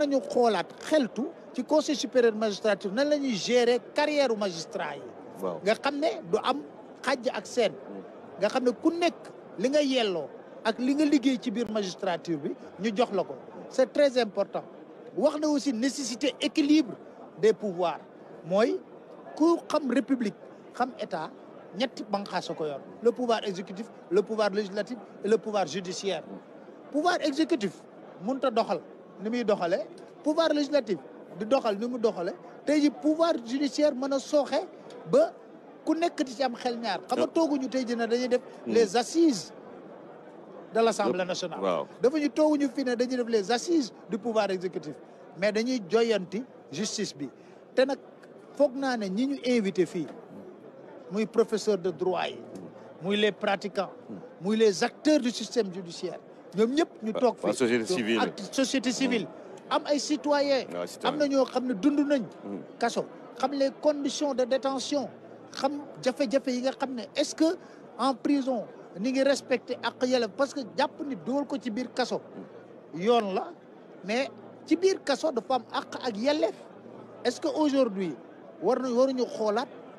nañu xoolaat xeltu ci conseil supérieur magistrature nan la gérer carrière magistrat nga ne du am xàjj ak seen nga cadre ne ku nekk li nga yelloo ak li nga liggéey ci biir magistrature bi ñu jox la c'est très important Il faut aussi la nécessité équilibre des pouvoirs mooy ku xam république xam état ñetti banqaasa ko yor le pouvoir exécutif le pouvoir législatif et le pouvoir judiciaire Le pouvoir exécutif mënut a doxal ni muy doxale pouvoir législatif di doxal ni mu doxale tey ji pouvoir judiciaire mën soxé ba ku nekk ci am xel ñaar. xam nga tooguñu tey ji ne dañuy def. Mm. les assises. de l'Assemblée nationale. waaw dafa ñu tooguñu fi ne dañuy def les assises du pouvoir exécutif mais dañuy joyanti justice bi té nak foog naa ne ñi ñu invité fi muy professeur de droit yi muy les pratiquants mm. muy les acteurs du système judiciaire ñoom ñep ñu tok fi ah, société civile ak ah, société civile am ay ah, citoyens am na ñoo xam ne nañ hmm. kasso xam les conditions de détention xam jafé jafé yi nga xam est-ce que en prison ni ngi respecté ak yele parce que japp ni dool ko ci biir kasso hmm. yoon la mais ci biir kasso dafa am àq ak yele est-ce que aujourd'hui war na waruñu xolat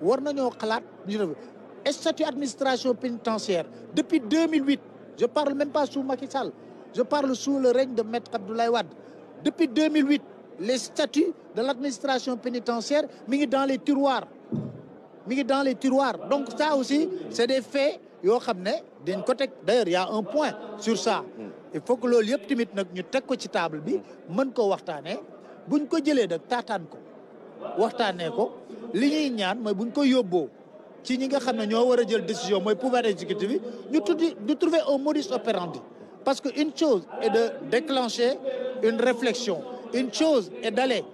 war xalaat statut administration pénitentiaire depuis 2008 je parle même pas sous Makissal je parle sous le règne de maître Abdoulaye Wad depuis 2008 les statuts de l'administration pénitentiaire sont dans les tiroirs dans les tiroirs donc ça aussi c'est des faits yo il y a un point sur ça il faut que le lieu optimiste nak ñu tek ko ci table bi mën ko waxtaanee ko li ñuy ñaan moy buñ ko yobbo ci ñi nga xam ñoo wara jël décision moy pouvoir exécutif bi ñu tuddi ñu trouver un modus operandi parce que une chose est de déclencher une réflexion une chose est d'aller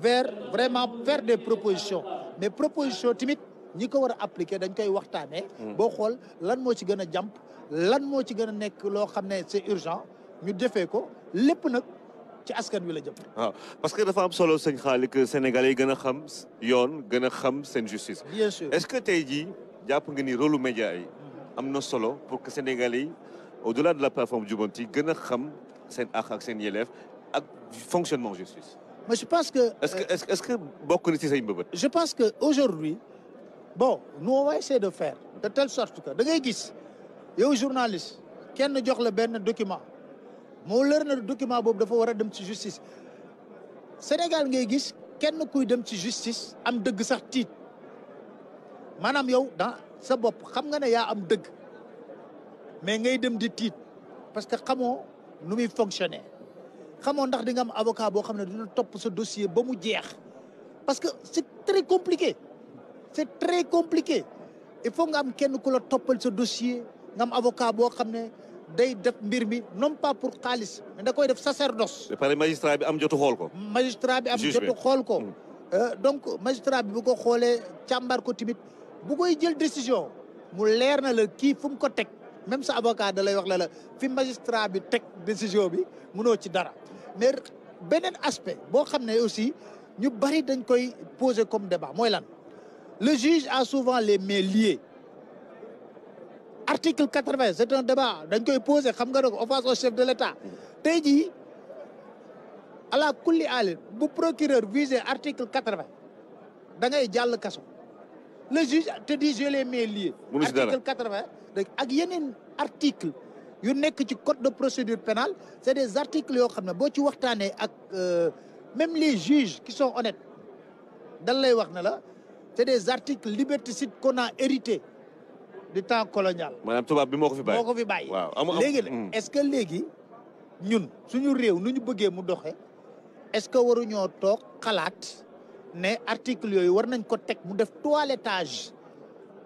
vers vraiment faire des propositions mais proposition timit ñi ko wara appliquer dañ koy waxtaanee. Mm. bo xol lan mo ci gëna jamp lan mo ci gëna a nekk loo xam c'est urgent ñu defee ko lépp nak ci askan wi la jëm. waaw parce que dafa am solo sëñ xaali que sénégalais yi gën a xam yoon gën a xam seen justice. bien sûr est-ce que tey jii jàpp nga ni rôle média yi. am na solo pour que sénégalais yi au-delà de la plateforme Jubanti gën a xam seen àq ak seen yelleef ak fonctionnement justice. mais je pense que. Euh, est-ce que est-ce que bokk na ci say mbëbët. je pense que aujourd'hui bon nous on va essayer de faire de telle sorte que da ngay gis yow journaliste kenn jox la benn document. moo lër na document boobu dafa war a dem ci justice Sénégal ngay gis kenn kuy dem ci justice am dëgg sax tiit maanaam yow dans sa bopp xam nga ne yaa am dëgg mais ngay dem di tiit parce que xamoo nu muy fonctionner xamoo ndax di nga am avocat boo xam ne dina topp sa dossier ba mu jeex parce que c'est très compliqué c'est très compliqué il faut nga am kenn ku la toppal sa dossier nga am avocat boo xam ne day def mbir mi non pas pour xaalis mais koy def sacerdoce. ba pare magistrat bi am jotu xool ko. magistrat bi am jotu xool ko. Mm. Euh, donc magistrat bi bu ko xoolee càmbar ko tamit bu koy jël décision mu leer na la kii fu ko teg même sa avocat da lay wax la la fi magistrat bi teg décision bi mënoo ci dara mais beneen aspect boo xam ne aussi ñu bari dañ koy poser comme débat mooy lan le juge a souvent les mains liées. article 80 c'est un débat Donc, koy poser, xam offense au chef de l'État à jii ala kulli le procureur vise article 80 y a le juge te dit je les mets liés article 80 ak un article yu dans code de procédure pénale c'est des articles euh, même les juges qui sont honnêtes c'est des articles liberticides qu'on a hérités du temps colonial. madame tubaab bi moo ko fi bàyyi moo fi hmm. est ce que léegi ñun suñu réew nu ñu bëggee mu est ce que waruñoo toog xalaat ne article yooyu war nañ ko teg mu def toilettage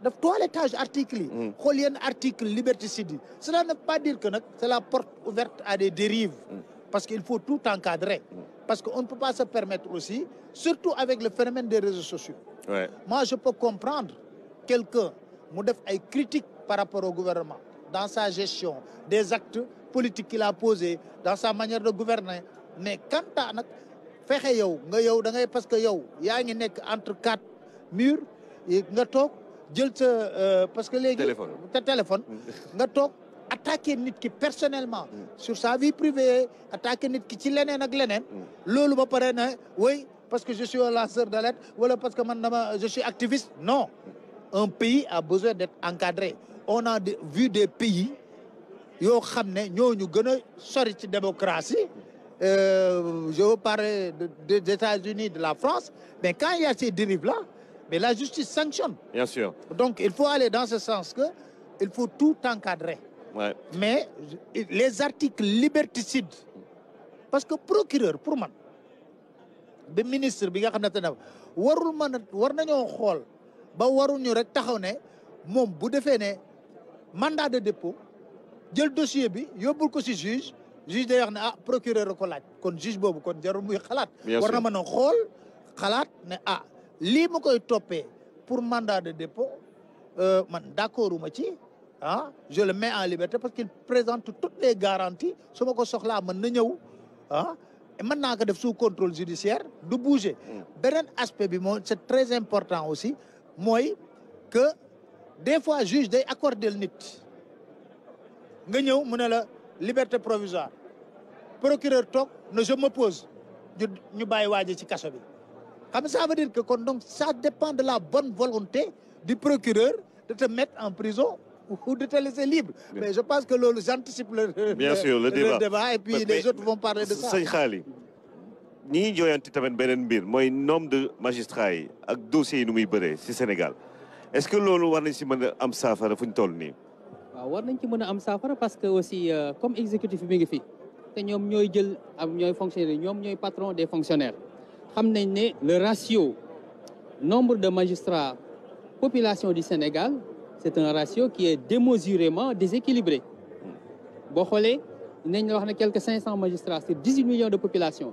def toilettage article yi. Hmm. article liberté civile. cela ne veut pas dire que c'est la porte ouverte à des dérives. Hmm. parce qu'il faut tout encadrer. Parce qu'on ne peut pas se permettre aussi, surtout avec le phénomène des réseaux sociaux. Ouais. Moi, je peux comprendre quelqu'un mu def ay critiques par rapport au gouvernement dans sa gestion des actes politiques qu'il a posés dans sa manière de gouverner mais quand tu as fait yow nga yow da ngay parce que yow ya entre quatre murs nga tok jël sa euh, parce que léegi téléphone nga tok attaquer nit ki personnellement sur sa vie privée attaquer nit ki ci lenen ak lenen loolu ba paré oui parce que je suis un lanceur d'alerte ou parce que man dama je suis activiste non un pays a besoin d'être encadré on a vu des pays qui ont ne ñooñu démocratie euh, je veux parler des États-Unis de la France mais quand il y a ces dérives là mais la justice sanctionne bien sûr donc il faut aller dans ce sens que il faut tout encadrer mais les articles liberticides parce que procureur pour moi, le ministre bi nga gens qui ba waruñu rek taxaw ne moom bu mandat de dépôt jël dossier bi yóbbul ko ci juge juge day wax ne ah procureur ko laaj kon juge boobu kon jarul muy xalaat. war na mën a xool xalaat ne ah lii ma koy topé pour mandat de dépôt euh, man d'accord ou ci ah je le mets en liberté parce qu'il présente toutes les garanties su ma ko soxlaa mën na ñëw ah. mën naa ko def sous contrôle judiciaire de bouger. un mm. aspect bi c'est très important aussi moi que des fois juge day le nit nga la liberté provisoire procureur Tok, je m'oppose pose ñu bàyyi waaji ci ça veut dire que ça dépend de la bonne volonté du procureur de te mettre en prison ou de te laisser libre. Mais je pense que j'anticipe le, le, débat. et puis les autres vont parler de ça. Nous jooyanti tamit beneen mbir nombre de magistrats yi ak dossiers yi nu muy Sénégal est-ce que vous war nañ si mën a am saafara fu ñu toll nii. waaw war nañ ci parce que euh, comme exécutif nous ngi fi te ñoom ñooy jël am fonctionnaire des fonctionnaires xam nañ le ratio nombre de magistrats population du Sénégal c'est un ratio qui est démesurément déséquilibré boo xoolee nañ la wax magistrats sur 18 millions de population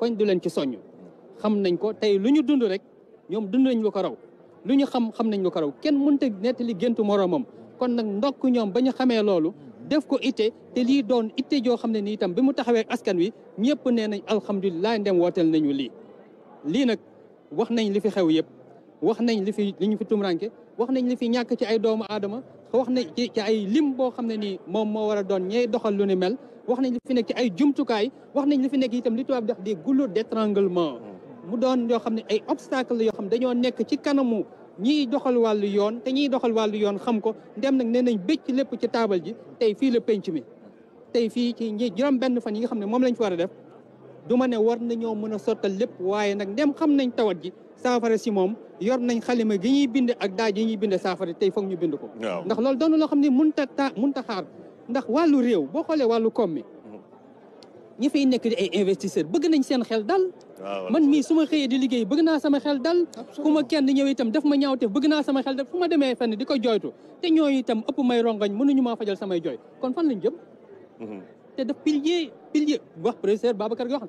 poñ du leen ci soññ xam nañ ko tey lu ñu dund rek ñoom dund nañ lu ko raw lu ñu xam xam nañ lu ko raw kenn mënta nettali géntu moroomam kon nag ndokk ñoom ba ñu xamee loolu def ko itte te lii doon itte joo xam ne nii itam bi mu taxawee askan wi ñëpp nee nañ alhamdulilah ndem wooteel nañu lii lii nag wax nañ li fi xew yëpp wax nañ li fi li ñu fi tumranke wax nañ li fi ñàkk ci ay doomu aadama wax nañ ci ci ay lim boo xam ne nii moom moo war a doon ñey doxal lu ni mel wax nañ li fi nekk ci ay jumtukaay wax nañ li fi nekk itam li tubaab di wax des goulots d'étranglement mu doon yoo xam ne ay obstacle la yoo xam ne dañoo nekk ci kanamu ñiy doxal wàllu yoon te ñiy doxal wàllu yoon xam ko ndem nag nee nañ bëcc lépp ci taabal ji tey fii la penc mi tey fii ci ñi juróom benn fan yi nga xam ne moom lañ fi war a def du ma ne war nañoo mën a sottal lépp waaye nag ndem xam nañ tawat ji saafara si moom yor nañ xalima gi ñuy bind ak daaj yi ñuy bind saafara tey foog ñu bind ko ndax loolu doon loo xam ne mun ta ta mun ta xaar ndax wàllu réew boo xoolee wàllu koom mi ñi fay nekk di ay investisseur bëgg nañ seen xel dal man mii su ma xëyee di liggéey bëgg naa sama xel dal ku ma kenn ñëw itam daf ma ñaaw te bëgg naa sama xel fu ma demee fenn di ko jooytu te ñooñu itam ëpp may rongoñ mënuñu maa fajal samay jooy kon fan lañ jëm mhm. te daf pilier pilier wax professeur ba gi wax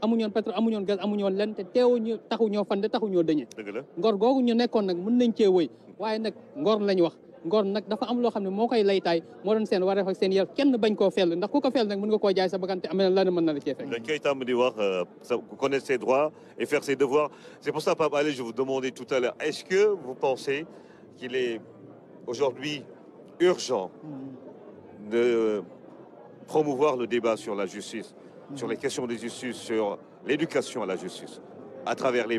amuñoon pétrole amuñoon gaz amuñoon lenn te teewuñu taxu ñoo fande taxu ñoo ngor googu ñu nekkon nak mën nañ ci wëy waye nak ngor lañ wax ngor nak dafa am lo xam mo koy lay tay mo doon seen wareef ak seen yar kenn bañ ko fell ndax ku ko fell nak mën nga ko jaay sa bakkan te am na lan mën na la cee fekk. dañ koy tàmm di wax euh, connaître ses droits et faire ses devoirs c'est pour ça papa allez je vous demander tout à l'heure est-ce que vous pensez qu'il est aujourd'hui urgent hmm. de euh, promouvoir le débat sur la justice sur les questions des justice, sur l'éducation à la justice, à travers les